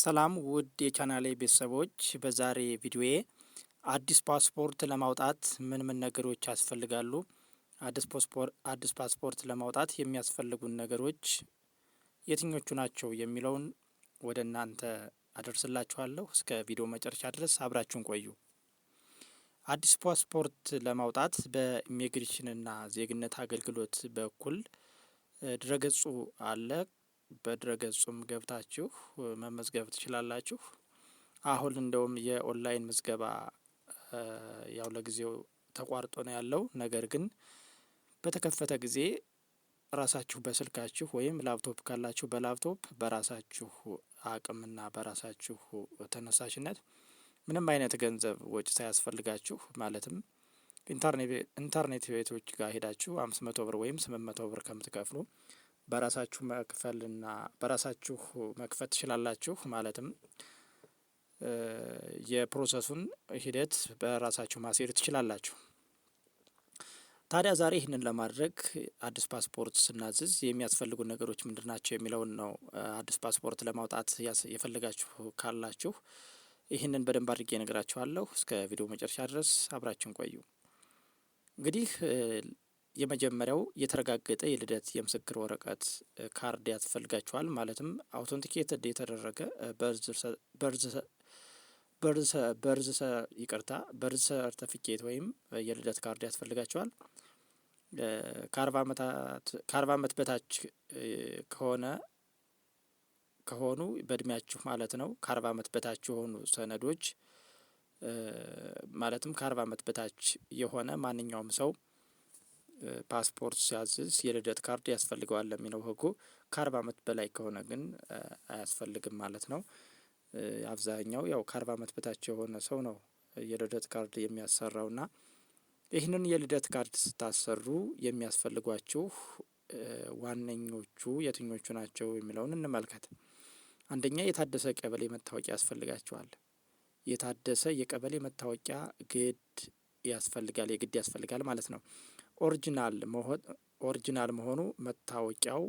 ሰላም ውድ የቻናሌ ቤተሰቦች፣ በዛሬ ቪዲዮዬ አዲስ ፓስፖርት ለማውጣት ምን ምን ነገሮች ያስፈልጋሉ፣ አዲስ ፓስፖርት ለማውጣት የሚያስፈልጉን ነገሮች የትኞቹ ናቸው የሚለውን ወደ እናንተ አደርስላችኋለሁ። እስከ ቪዲዮ መጨረሻ ድረስ አብራችሁን ቆዩ። አዲስ ፓስፖርት ለማውጣት በኢሚግሬሽንና ዜግነት አገልግሎት በኩል ድረገጹ አለ። በድረገጹም ገብታችሁ መመዝገብ ትችላላችሁ። አሁን እንደውም የኦንላይን ምዝገባ ያው ለጊዜው ተቋርጦ ነው ያለው። ነገር ግን በተከፈተ ጊዜ ራሳችሁ በስልካችሁ ወይም ላፕቶፕ ካላችሁ በላፕቶፕ በራሳችሁ አቅምና በራሳችሁ ተነሳሽነት ምንም አይነት ገንዘብ ወጪ ሳያስፈልጋችሁ ማለትም ኢንተርኔት ቤቶች ጋር ሄዳችሁ አምስት መቶ ብር ወይም ስምንት መቶ ብር ከምትከፍሉ በራሳችሁ መክፈልና በራሳችሁ መክፈት ትችላላችሁ። ማለትም የፕሮሰሱን ሂደት በራሳችሁ ማስሄድ ትችላላችሁ። ታዲያ ዛሬ ይህንን ለማድረግ አዲስ ፓስፖርት ስናዝዝ የሚያስፈልጉ ነገሮች ምንድን ናቸው የሚለውን ነው። አዲስ ፓስፖርት ለማውጣት የፈለጋችሁ ካላችሁ ይህንን በደንብ አድርጌ ነግራችኋለሁ። እስከ ቪዲዮ መጨረሻ ድረስ አብራችን ቆዩ። እንግዲህ የመጀመሪያው የተረጋገጠ የልደት የምስክር ወረቀት ካርድ ያስፈልጋቸዋል። ማለትም አውቶንቲኬትድ የተደረገ በርዝ ይቅርታ በርዝ ሰርተፊኬት ወይም የልደት ካርድ ያስፈልጋቸዋል። ከአርባ ዓመት በታች ከሆነ ከሆኑ በእድሜያችሁ ማለት ነው። ከአርባ ዓመት በታች የሆኑ ሰነዶች ማለትም ከአርባ ዓመት በታች የሆነ ማንኛውም ሰው ፓስፖርት ሲያዝዝ የልደት ካርድ ያስፈልገዋል ለሚለው ህጉ ከአርባ አመት በላይ ከሆነ ግን አያስፈልግም ማለት ነው። አብዛኛው ያው ከአርባ አመት በታች የሆነ ሰው ነው የልደት ካርድ የሚያሰራው ና ይህንን የልደት ካርድ ስታሰሩ የሚያስፈልጓችሁ ዋነኞቹ የትኞቹ ናቸው የሚለውን እንመልከት። አንደኛ የታደሰ ቀበሌ መታወቂያ ያስፈልጋችኋል። የታደሰ የቀበሌ መታወቂያ ግድ ያስፈልጋል የግድ ያስፈልጋል ማለት ነው። ኦሪጂናል ኦሪጂናል መሆኑ መታወቂያው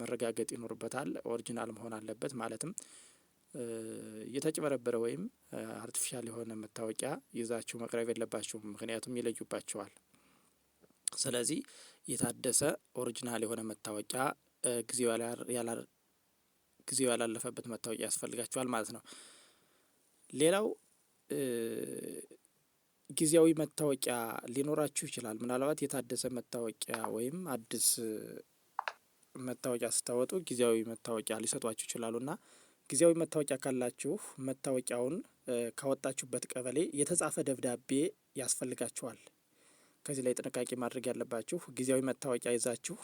መረጋገጥ ይኖርበታል። ኦሪጂናል መሆን አለበት። ማለትም የተጭበረበረ ወይም አርቲፊሻል የሆነ መታወቂያ ይዛችሁ መቅረብ የለባችሁም። ምክንያቱም ይለዩባችኋል። ስለዚህ የታደሰ ኦሪጂናል የሆነ መታወቂያ ጊዜው ያላለፈበት መታወቂያ ያስፈልጋችኋል ማለት ነው። ሌላው ጊዜያዊ መታወቂያ ሊኖራችሁ ይችላል። ምናልባት የታደሰ መታወቂያ ወይም አዲስ መታወቂያ ስታወጡ ጊዜያዊ መታወቂያ ሊሰጧችሁ ይችላሉ እና ጊዜያዊ መታወቂያ ካላችሁ መታወቂያውን ካወጣችሁበት ቀበሌ የተጻፈ ደብዳቤ ያስፈልጋችኋል። ከዚህ ላይ ጥንቃቄ ማድረግ ያለባችሁ ጊዜያዊ መታወቂያ ይዛችሁ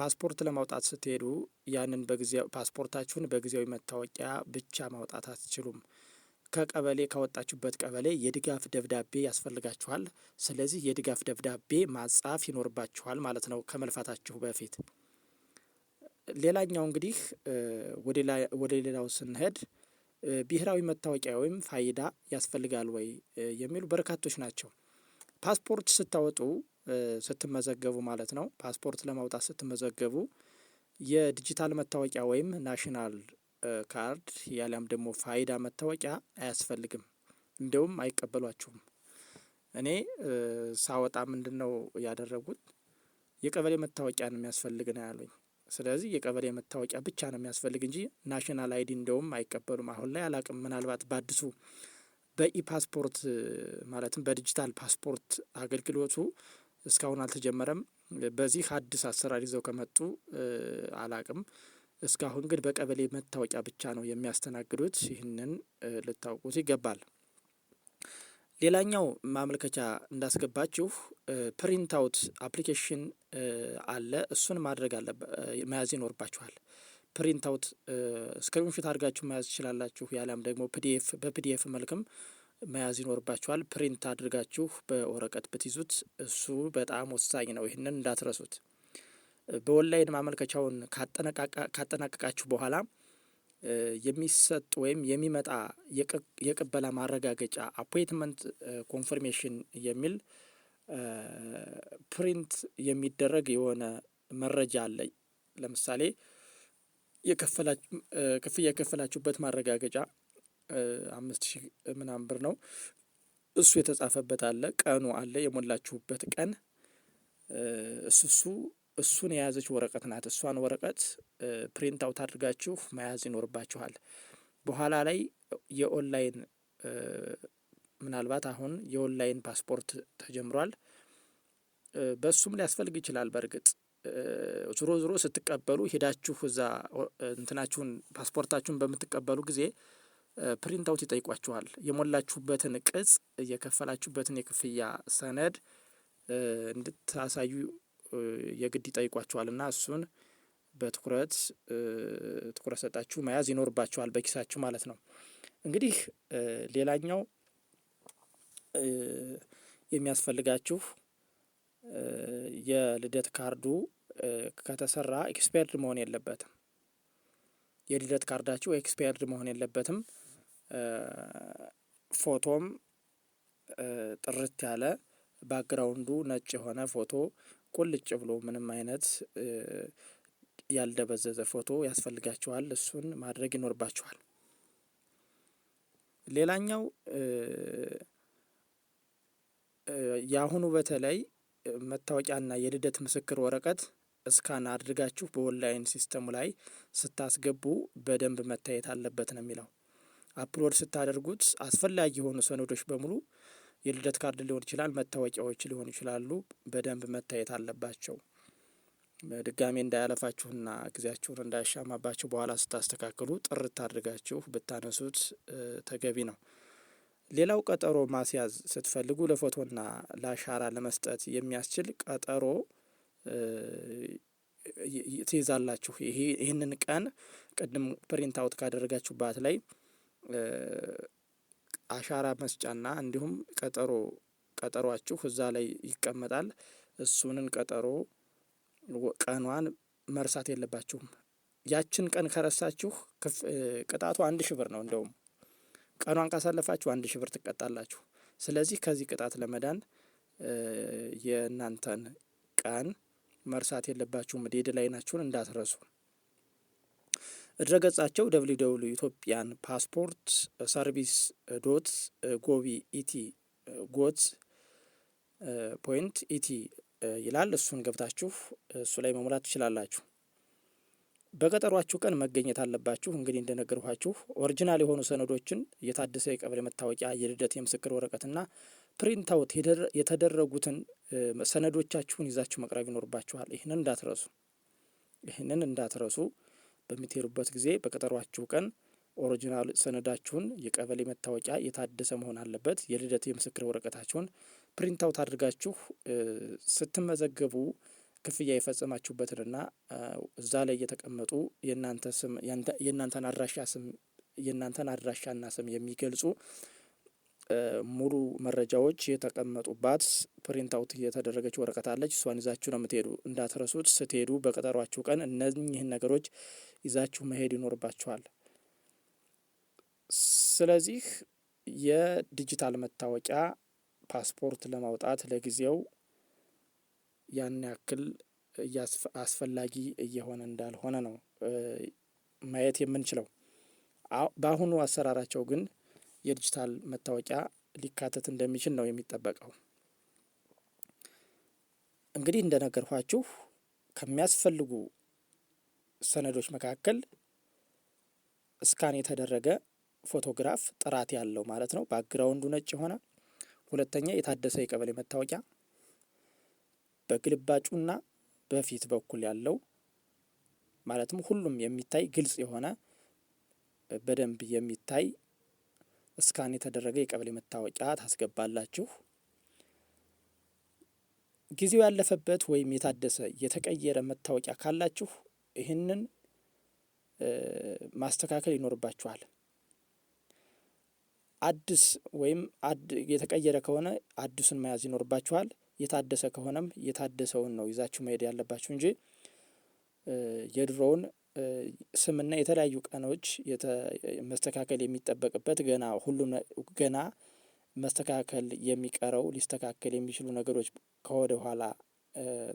ፓስፖርት ለማውጣት ስትሄዱ ያንን በጊዜ ፓስፖርታችሁን በጊዜያዊ መታወቂያ ብቻ ማውጣት አትችሉም። ከቀበሌ ከወጣችሁበት ቀበሌ የድጋፍ ደብዳቤ ያስፈልጋችኋል። ስለዚህ የድጋፍ ደብዳቤ ማጻፍ ይኖርባችኋል ማለት ነው ከመልፋታችሁ በፊት። ሌላኛው እንግዲህ ወደ ሌላው ስንሄድ ብሔራዊ መታወቂያ ወይም ፋይዳ ያስፈልጋል ወይ የሚሉ በርካቶች ናቸው። ፓስፖርት ስታወጡ ስትመዘገቡ ማለት ነው ፓስፖርት ለማውጣት ስትመዘገቡ የዲጂታል መታወቂያ ወይም ናሽናል ካርድ ያሊያም ደግሞ ፋይዳ መታወቂያ አያስፈልግም። እንደውም አይቀበሏችሁም። እኔ ሳወጣ ምንድነው ያደረጉት? የቀበሌ መታወቂያ ነው የሚያስፈልግ ነው ያሉኝ። ስለዚህ የቀበሌ መታወቂያ ብቻ ነው የሚያስፈልግ እንጂ ናሽናል አይዲ እንደውም አይቀበሉም። አሁን ላይ አላቅም። ምናልባት በአዲሱ በኢፓስፖርት ማለትም በዲጂታል ፓስፖርት አገልግሎቱ እስካሁን አልተጀመረም። በዚህ አዲስ አሰራር ይዘው ከመጡ አላቅም። እስካሁን ግን በቀበሌ መታወቂያ ብቻ ነው የሚያስተናግዱት። ይህንን ልታውቁት ይገባል። ሌላኛው ማመልከቻ እንዳስገባችሁ ፕሪንት አውት አፕሊኬሽን አለ። እሱን ማድረግ አለ መያዝ ይኖርባችኋል። ፕሪንት አውት ስክሪንሾት አድርጋችሁ መያዝ ትችላላችሁ። ያለም ደግሞ ፒዲኤፍ በፒዲኤፍ መልክም መያዝ ይኖርባችኋል። ፕሪንት አድርጋችሁ በወረቀት ብትይዙት እሱ በጣም ወሳኝ ነው። ይህንን እንዳትረሱት። በኦንላይን ማመልከቻውን ካጠናቀቃችሁ በኋላ የሚሰጥ ወይም የሚመጣ የቅበላ ማረጋገጫ አፖይንትመንት ኮንፈርሜሽን የሚል ፕሪንት የሚደረግ የሆነ መረጃ አለ። ለምሳሌ ክፍያ የከፈላችሁበት ማረጋገጫ አምስት ሺህ ምናምን ብር ነው። እሱ የተጻፈበት አለ፣ ቀኑ አለ፣ የሞላችሁበት ቀን እሱ እሱ እሱን የያዘች ወረቀት ናት። እሷን ወረቀት ፕሪንት አውት አድርጋችሁ መያዝ ይኖርባችኋል። በኋላ ላይ የኦንላይን ምናልባት አሁን የኦንላይን ፓስፖርት ተጀምሯል። በሱም ሊያስፈልግ ይችላል። በእርግጥ ዞሮ ዞሮ ስትቀበሉ ሄዳችሁ እዛ እንትናችሁን ፓስፖርታችሁን በምትቀበሉ ጊዜ ፕሪንት አውት ይጠይቋችኋል። የሞላችሁበትን ቅጽ፣ የከፈላችሁበትን የክፍያ ሰነድ እንድታሳዩ የግድ ና እሱን በትኩረት ትኩረት ሰጣችሁ መያዝ ይኖርባችኋል በኪሳችሁ ማለት ነው። እንግዲህ ሌላኛው የሚያስፈልጋችሁ የልደት ካርዱ ከተሰራ ኤክስፓየርድ መሆን የለበትም። የልደት ካርዳችሁ ኤክስፓየርድ መሆን የለበትም። ፎቶም ጥርት ያለ ባክግራውንዱ ነጭ የሆነ ፎቶ ቁልጭ ብሎ ምንም አይነት ያልደበዘዘ ፎቶ ያስፈልጋችኋል። እሱን ማድረግ ይኖርባችኋል። ሌላኛው የአሁኑ በተለይ መታወቂያና የልደት ምስክር ወረቀት እስካን አድርጋችሁ በኦንላይን ሲስተሙ ላይ ስታስገቡ በደንብ መታየት አለበት ነው የሚለው። አፕሎድ ስታደርጉት አስፈላጊ የሆኑ ሰነዶች በሙሉ የልደት ካርድ ሊሆን ይችላል፣ መታወቂያዎች ሊሆኑ ይችላሉ። በደንብ መታየት አለባቸው። ድጋሜ እንዳያለፋችሁና ጊዜያችሁን እንዳያሻማባችሁ በኋላ ስታስተካክሉ ጥርት አድርጋችሁ ብታነሱት ተገቢ ነው። ሌላው ቀጠሮ ማስያዝ ስትፈልጉ ለፎቶና ለአሻራ ለመስጠት የሚያስችል ቀጠሮ ትይዛላችሁ። ይህንን ቀን ቅድም ፕሪንት አውት ካደረጋችሁባት ላይ አሻራ መስጫና እንዲሁም ቀጠሮ ቀጠሯችሁ እዛ ላይ ይቀመጣል። እሱንን ቀጠሮ ቀኗን መርሳት የለባችሁም። ያችን ቀን ከረሳችሁ ቅጣቱ አንድ ሽብር ብር ነው። እንደውም ቀኗን ካሳለፋችሁ አንድ ሺህ ብር ትቀጣላችሁ። ስለዚህ ከዚህ ቅጣት ለመዳን የእናንተን ቀን መርሳት የለባችሁም። ዴድ እንዳትረሱ። በድረገጻቸው ደብሊው ደብሊው ኢትዮጵያን ፓስፖርት ሰርቪስ ዶት ጎቪ ኢቲ ጎት ፖይንት ኢቲ ይላል። እሱን ገብታችሁ እሱ ላይ መሙላት ትችላላችሁ። በቀጠሯችሁ ቀን መገኘት አለባችሁ። እንግዲህ እንደነገርኋችሁ ኦሪጂናል የሆኑ ሰነዶችን የታደሰ የቀበሌ መታወቂያ፣ የልደት የምስክር ወረቀትና ፕሪንት አውት የተደረጉትን ሰነዶቻችሁን ይዛችሁ መቅረብ ይኖርባችኋል። ይህንን እንዳትረሱ ይህንን እንዳትረሱ። በምትሄዱበት ጊዜ በቀጠሯችሁ ቀን ኦሪጂናል ሰነዳችሁን የቀበሌ መታወቂያ የታደሰ መሆን አለበት። የልደት የምስክር ወረቀታችሁን ፕሪንት አውት አድርጋችሁ ስትመዘገቡ ክፍያ የፈጸማችሁበትንና እዛ ላይ የተቀመጡ የእናንተ ስም የእናንተን አድራሻ ስም የእናንተን አድራሻና ስም የሚገልጹ ሙሉ መረጃዎች የተቀመጡባት ፕሪንት አውት እየተደረገች ወረቀት አለች። እሷን ይዛችሁ ነው የምትሄዱ። እንዳትረሱት። ስትሄዱ በቀጠሯችሁ ቀን እነዚህን ነገሮች ይዛችሁ መሄድ ይኖርባችኋል። ስለዚህ የዲጂታል መታወቂያ ፓስፖርት ለማውጣት ለጊዜው ያን ያክል አስፈላጊ እየሆነ እንዳልሆነ ነው ማየት የምንችለው። በአሁኑ አሰራራቸው ግን የዲጂታል መታወቂያ ሊካተት እንደሚችል ነው የሚጠበቀው። እንግዲህ እንደነገርኳችሁ ከሚያስፈልጉ ሰነዶች መካከል እስካን የተደረገ ፎቶግራፍ ጥራት ያለው ማለት ነው፣ ባክግራውንዱ ነጭ የሆነ ሁለተኛ፣ የታደሰ የቀበሌ መታወቂያ በግልባጩና በፊት በኩል ያለው ማለትም ሁሉም የሚታይ ግልጽ የሆነ በደንብ የሚታይ እስካን የተደረገ የቀበሌ መታወቂያ ታስገባላችሁ። ጊዜው ያለፈበት ወይም የታደሰ የተቀየረ መታወቂያ ካላችሁ ይህንን ማስተካከል ይኖርባችኋል። አዲስ ወይም የተቀየረ ከሆነ አዲሱን መያዝ ይኖርባችኋል። የታደሰ ከሆነም የታደሰውን ነው ይዛችሁ መሄድ ያለባችሁ እንጂ የድሮውን ስምና የተለያዩ ቀኖች መስተካከል የሚጠበቅበት ገና ሁሉ ገና መስተካከል የሚቀረው ሊስተካከል የሚችሉ ነገሮች ከወደ ኋላ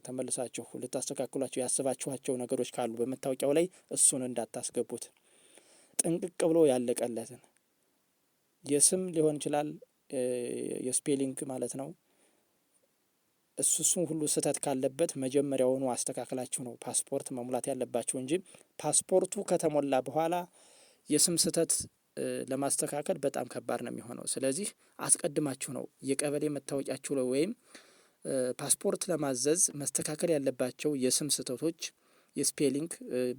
ተመልሳችሁ ልታስተካክሏቸው ያስባችኋቸው ነገሮች ካሉ በመታወቂያው ላይ እሱን እንዳታስገቡት። ጥንቅቅ ብሎ ያለቀለትን የስም ሊሆን ይችላል የስፔሊንግ ማለት ነው እሱ እሱም ሁሉ ስህተት ካለበት መጀመሪያውኑ አስተካክላችሁ ነው ፓስፖርት መሙላት ያለባችሁ እንጂ ፓስፖርቱ ከተሞላ በኋላ የስም ስህተት ለማስተካከል በጣም ከባድ ነው የሚሆነው። ስለዚህ አስቀድማችሁ ነው የቀበሌ መታወቂያችሁ ወይም ፓስፖርት ለማዘዝ መስተካከል ያለባቸው የስም ስህተቶች የስፔሊንግ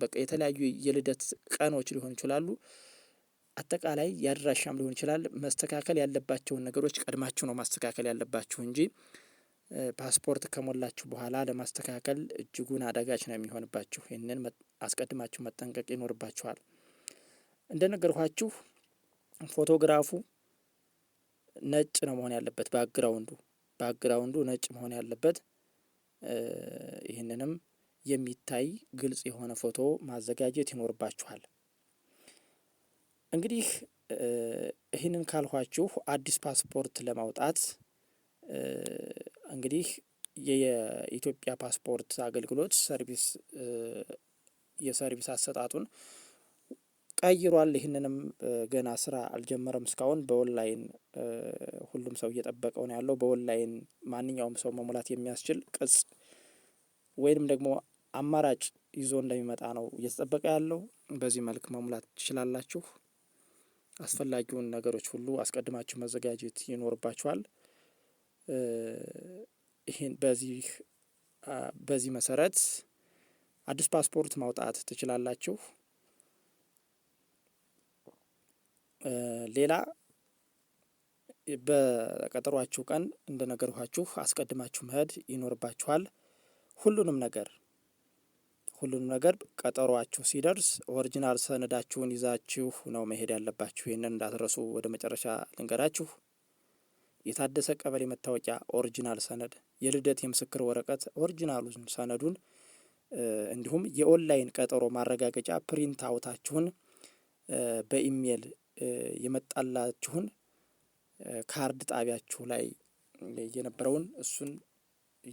በቃ የተለያዩ የልደት ቀኖች ሊሆን ይችላሉ። አጠቃላይ የአድራሻም ሊሆን ይችላል። መስተካከል ያለባቸውን ነገሮች ቀድማችሁ ነው ማስተካከል ያለባችሁ እንጂ ፓስፖርት ከሞላችሁ በኋላ ለማስተካከል እጅጉን አዳጋች ነው የሚሆንባችሁ። ይህንን አስቀድማችሁ መጠንቀቅ ይኖርባችኋል። እንደነገርኋችሁ ፎቶግራፉ ነጭ ነው መሆን ያለበት። ባክግራውንዱ ባክግራውንዱ ነጭ መሆን ያለበት። ይህንንም የሚታይ ግልጽ የሆነ ፎቶ ማዘጋጀት ይኖርባችኋል። እንግዲህ ይህንን ካልኋችሁ አዲስ ፓስፖርት ለማውጣት እንግዲህ የኢትዮጵያ ፓስፖርት አገልግሎት ሰርቪስ የሰርቪስ አሰጣጡን ቀይሯል። ይህንንም ገና ስራ አልጀመረም እስካሁን በኦንላይን ሁሉም ሰው እየጠበቀው ነው ያለው። በኦንላይን ማንኛውም ሰው መሙላት የሚያስችል ቅጽ ወይንም ደግሞ አማራጭ ይዞ እንደሚመጣ ነው እየተጠበቀ ያለው። በዚህ መልክ መሙላት ትችላላችሁ። አስፈላጊውን ነገሮች ሁሉ አስቀድማችሁ መዘጋጀት ይኖርባችኋል። ይህን በዚህ በዚህ መሰረት አዲስ ፓስፖርት ማውጣት ትችላላችሁ። ሌላ በቀጠሯችሁ ቀን እንደነገርኋችሁ አስቀድማችሁ መሄድ ይኖርባችኋል። ሁሉንም ነገር ሁሉንም ነገር ቀጠሯችሁ ሲደርስ ኦሪጂናል ሰነዳችሁን ይዛችሁ ነው መሄድ ያለባችሁ። ይህንን እንዳትረሱ። ወደ መጨረሻ ልንገራችሁ። የታደሰ ቀበሌ መታወቂያ ኦሪጂናል ሰነድ፣ የልደት የምስክር ወረቀት ኦሪጂናሉን ሰነዱን እንዲሁም የኦንላይን ቀጠሮ ማረጋገጫ ፕሪንት አውታችሁን በኢሜይል የመጣላችሁን ካርድ ጣቢያችሁ ላይ የነበረውን እሱን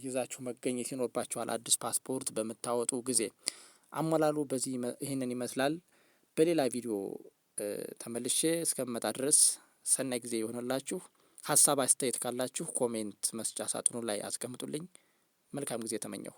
ይዛችሁ መገኘት ይኖርባችኋል። አዲስ ፓስፖርት በምታወጡ ጊዜ አሞላሉ በዚህ ይህንን ይመስላል። በሌላ ቪዲዮ ተመልሼ እስከምመጣ ድረስ ሰናይ ጊዜ ይሆንላችሁ። ሀሳብ አስተያየት ካላችሁ ኮሜንት መስጫ ሳጥኑ ላይ አስቀምጡልኝ። መልካም ጊዜ ተመኘሁ።